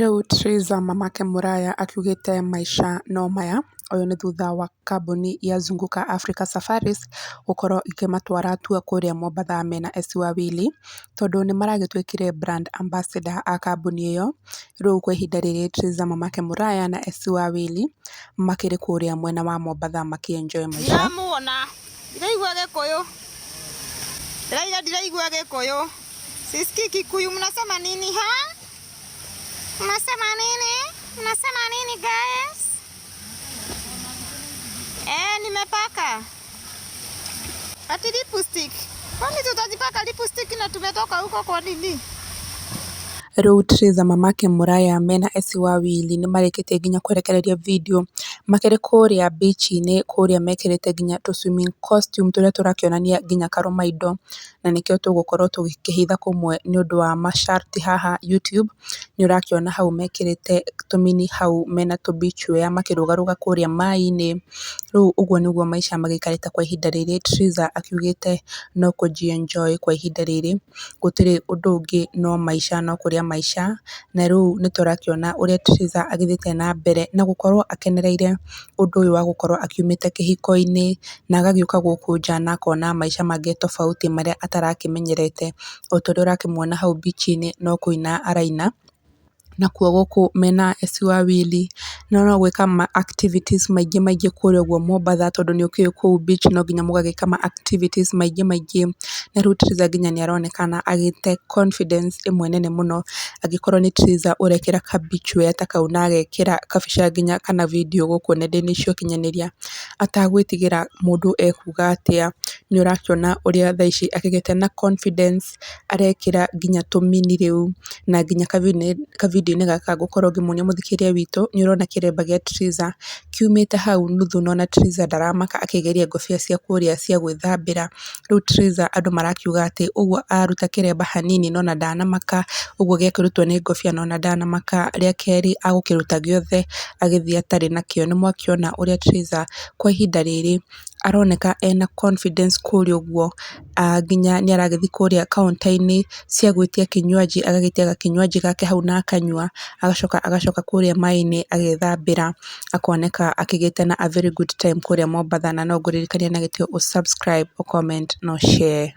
Rĩu Theresa "Mamake Mũraya" akiugĩte maica no maya, ũyũ nĩ thutha wa kambuni ya Zunguka Africa Safaris gũkorwo ikĩmatwara tour kũrĩa Mombatha mena Esi Wawili, tondũ nĩmaragĩtuĩkire brand ambassador a kambuni ĩyo, rĩu kwa ihinda rĩrĩ Theresa "Mamake Mũraya" na Esi Wawili makĩrĩ kũrĩa mwena wa Mombatha makĩ enjoy maica. Ndiramuona, ndiraigua Gĩkũyũ, ndĩraira ndiraigua Gĩkũyũ, sisikii Kikuyu mnasema nini ha? Unasema nini guys? Eh, nimepaka. Ati lipstick. Kwani tutajipaka lipstick na tumetoka huko kwa nini? Rĩu Theresa Mamake Muraya mena Esi Wawili nĩmarekĩtie nginya kwerekereria video makerĩ kũrĩa bichi-inĩ kũrĩa mekĩrĩte nginya tũ swimming costume tũrĩa tũrakĩonania nginya karũmaindo na nĩkĩo tũgũkorwo tũgĩkĩhitha kũmwe nĩũndũ wa masharti haha Youtube nĩũrakĩona hau mekĩrĩte tũmini hau mena tũ beach wear makĩrũgarũga kũrĩa maĩ-inĩ, rĩu ũguo nĩguo maica magĩikarĩte kwa ihinda rĩrĩ Theresa akiugĩte no kũjienjoy kwa ihinda rĩrĩ gũtirĩ ũndũ ũngĩ no maica no kũrĩa rĩa maica, na rĩu tũrakĩona ũrĩa Theresa agĩthiĩte na mbere na gũkorwo akenereire ũndũ ũyũ wa gũkorwo akiumĩte kĩhiko-inĩ, na agagĩũka gũkũ nja na akona maica mangĩ tofauti marĩa atarakĩmenyerete. ta ũrĩa ũrakĩmuona hau bici-inĩ no kũina araina, nakuo gũkũ mena Esi Wawili no no gwika ma activities maingĩ maingĩ kũrĩa ũguo Mombatha tondũ nĩũkĩũĩ kũu beach no nginya mũgagĩka ma activities maingĩ maingĩ na rĩu Tiriza nginya nĩaronekana agite confidence ĩmwe nene muno angĩkorwo ni Triza ũrekĩra ka beach wear ta kau na agekĩra kabica nginya kana video gũkũ nenda-inĩ cia ũkinyanĩria atagwitigira mũndũ ekuga atĩa, ni urakiona thaa ici akigete na confidence arekĩra nginya tumini riu na nginya ka video-inĩ gaka ngũkorwo ngĩmuonia mũthikĩria wito ni urona kĩremba gĩa Triza kiumĩte hau nuthu nona Triza ndaramaka akĩgeria ngũbia cia kũrĩa cia gwĩthambĩra. Rĩu Triza andũ marakiuga atĩ ũguo aruta kĩremba hanini nona ndanamaka, ũguo gĩakĩrutwo nĩ ngũbia nona ndanamaka, rĩa kerĩ agũkĩruta gĩothe agĩthiĩ atarĩ nakĩo. Nĩmwakĩona ũrĩa Triza kwa ihinda rĩrĩ aroneka ena confidence kũrĩa ũguo, nginya nĩaragĩthiĩ kũrĩa kaunta-inĩ cia gwĩtia kinywaji agagĩtiga kinywaji gake hau na akanyua, agacoka agacoka kũrĩa maaĩ-inĩ agethamba gũthambĩra akoneka akĩgĩte na a very good time kũrĩa Mombatha na no ngũririkanie na gĩtĩo ũ subscribe, ũ comment na ũ share.